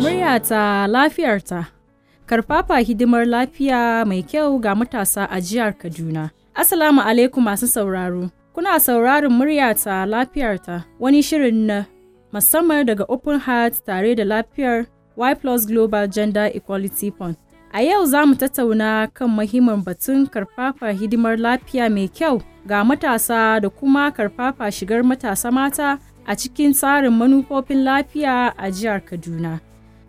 Muryata lafiyarta. Karfafa hidimar lafiya mai kyau ga matasa a jihar Kaduna. asalamu alaikum masu sauraro. Kuna sauraron muryata lafiyarta wani shirin na musamman daga Open Heart tare da lafiyar Y Plus Global Gender Equality Fund. A yau za mu tattauna kan mahimmin batun karfafa hidimar lafiya mai kyau ga matasa da kuma karfafa shigar matasa mata a cikin tsarin manufofin lafiya a jihar Kaduna.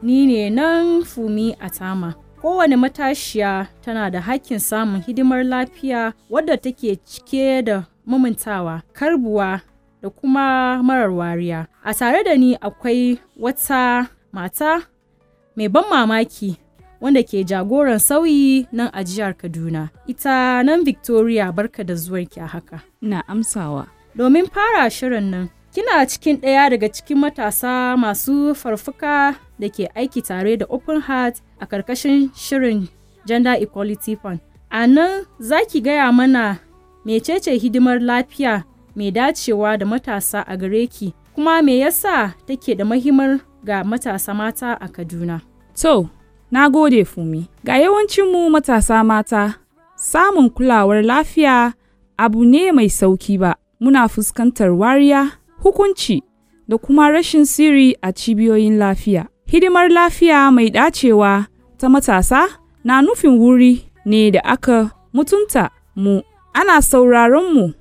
Ni ne nan Fumi a Tama. Kowane matashiya tana da hakkin samun hidimar lafiya wadda take cike da mamantawa, karbuwa da kuma marar wariya. A tare da ni akwai wata mata mai ban mamaki wanda ke jagoran sauyi nan a jihar Kaduna. Ita nan Victoria barka da zuwarki a haka. Na amsawa. Domin fara shirin nan, kina cikin ɗaya daga cikin matasa masu farfuka da ke aiki tare da open heart a karkashin shirin gender equality fund a nan za ki gaya mana mecece hidimar lafiya mai dacewa da matasa a gare ki kuma me yasa take da mahimar ga matasa mata a kaduna to na gode fumi ga yawancinmu matasa mata samun kulawar lafiya abu ne mai sauki ba muna fuskantar wariya hukunci da kuma rashin sirri a cibiyoyin lafiya. Hidimar lafiya mai dacewa ta matasa na nufin wuri ne da aka mutunta mu, ana sauraron mu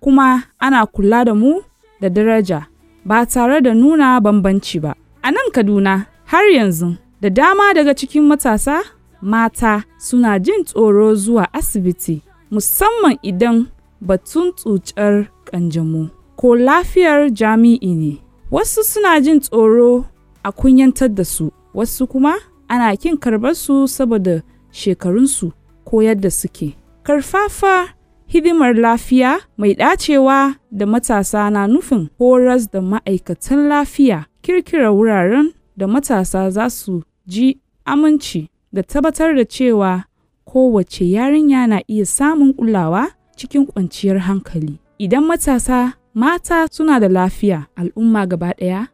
kuma ana kula da mu da daraja ba tare da nuna bambanci ba. A nan Kaduna har yanzu da dama daga cikin matasa mata suna jin tsoro zuwa asibiti musamman idan batun tsucar kanjamu. ko lafiyar jami'i ne. Wasu suna jin tsoro a kunyantar da su, wasu kuma ana kin karɓar su saboda shekarunsu ko yadda suke. Karfafa hidimar lafiya mai dacewa da matasa na nufin horas da ma'aikatan lafiya kirkira wuraren da matasa za su ji aminci da tabbatar da cewa kowace yarinya na iya samun kulawa cikin kwanciyar hankali. Idan matasa mata suna da lafiya al'umma gaba ɗaya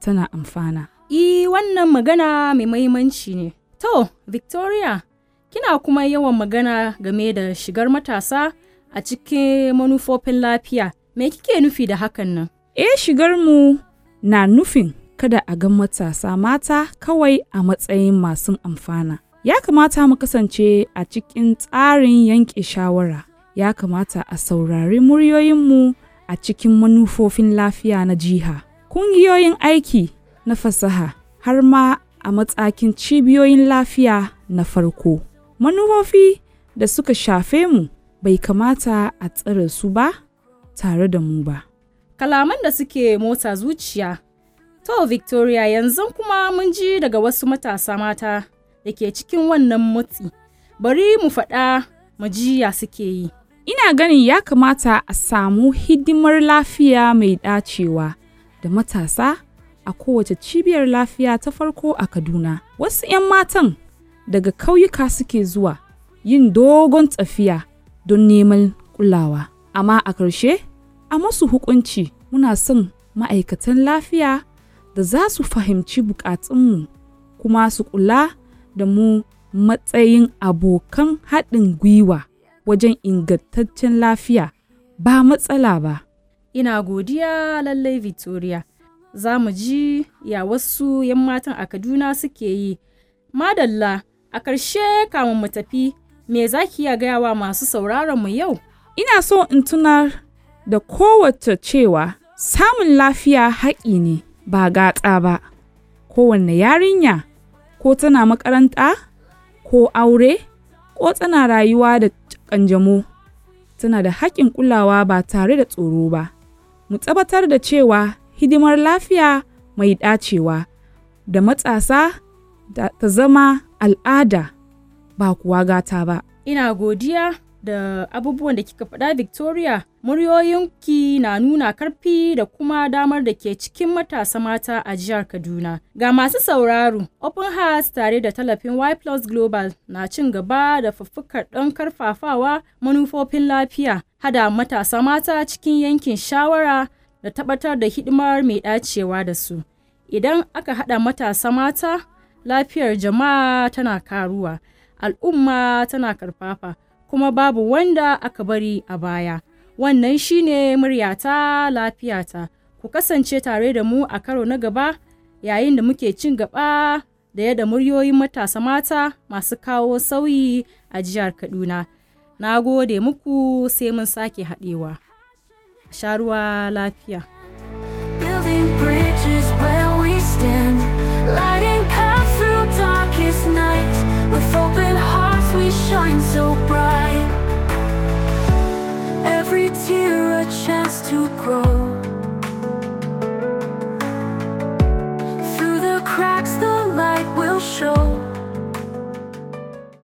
tana amfana. E wannan magana mai mahimmanci ne. To, Victoria, kina kuma yawan magana game da shigar matasa a cikin manufofin lafiya. Me kike nufi da hakan nan? Eh, shigar mu na nufin kada a ga matasa mata kawai a matsayin masu amfana. Ya kamata mu kasance a cikin tsarin yanke shawara. Ya kamata a saurari muryoyinmu a cikin manufofin lafiya na jiha. Kungiyoyin aiki na fasaha har ma a matsakin cibiyoyin lafiya na farko. Manufofi da suka shafe mu bai kamata a tsare su ba tare da mu ba. Kalaman da suke mota zuciya. To Victoria yanzu kuma mun ji daga wasu matasa mata da ke cikin wannan matsi. Bari mu faɗa majiya suke yi. ina ganin ya kamata a samu hidimar lafiya mai dacewa da matasa a kowace cibiyar lafiya ta farko a Kaduna. Wasu 'yan matan daga kauyuka suke zuwa yin dogon tafiya don neman kulawa. Amma a ƙarshe, a masu hukunci muna son ma'aikatan lafiya da za su fahimci bukatunmu kuma su kula da mu matsayin abokan haɗin gwiwa. wajen ingantaccen lafiya ba matsala ba. Ina godiya lallai Victoria, za mu ji ya wasu 'yan matan a Kaduna suke yi. Madalla, a ƙarshe kamun mu tafi, me za ki iya gaya wa masu sauraron mu yau? Ina so in tunar da kowace cewa samun lafiya haƙi ne ba gatsa ba. Kowanne yarinya, ko tana makaranta, ko aure, ko tana rayuwa da ƙanjamo tana da haƙƙin kulawa ba tare da tsoro ba. Mu tsabatar da cewa hidimar lafiya mai dacewa da matasa ta zama al'ada ba kuwa gata ba. Ina godiya da abubuwan da kika faɗa Victoria Muryoyinki na nuna karfi da kuma damar da ke cikin matasa mata a jihar Kaduna. Ga masu sauraro, Open heart tare da talafin Y Plus Global na cin gaba da fafukar ɗan karfafawa manufofin lafiya, hada matasa mata cikin yankin shawara da tabbatar da hidimar mai dacewa da su. Idan aka hada matasa mata, lafiyar jama'a tana karuwa, al'umma tana karfafa, kuma babu wanda aka bari a baya. Wannan shine muryata lafiyata. Ku kasance tare da mu a karo na gaba yayin da muke cin gaba da yadda muryoyin matasa mata masu kawo sauyi a jihar Kaduna. Na gode muku sai mun sake haɗewa. Sharuwa lafiya. chance to grow.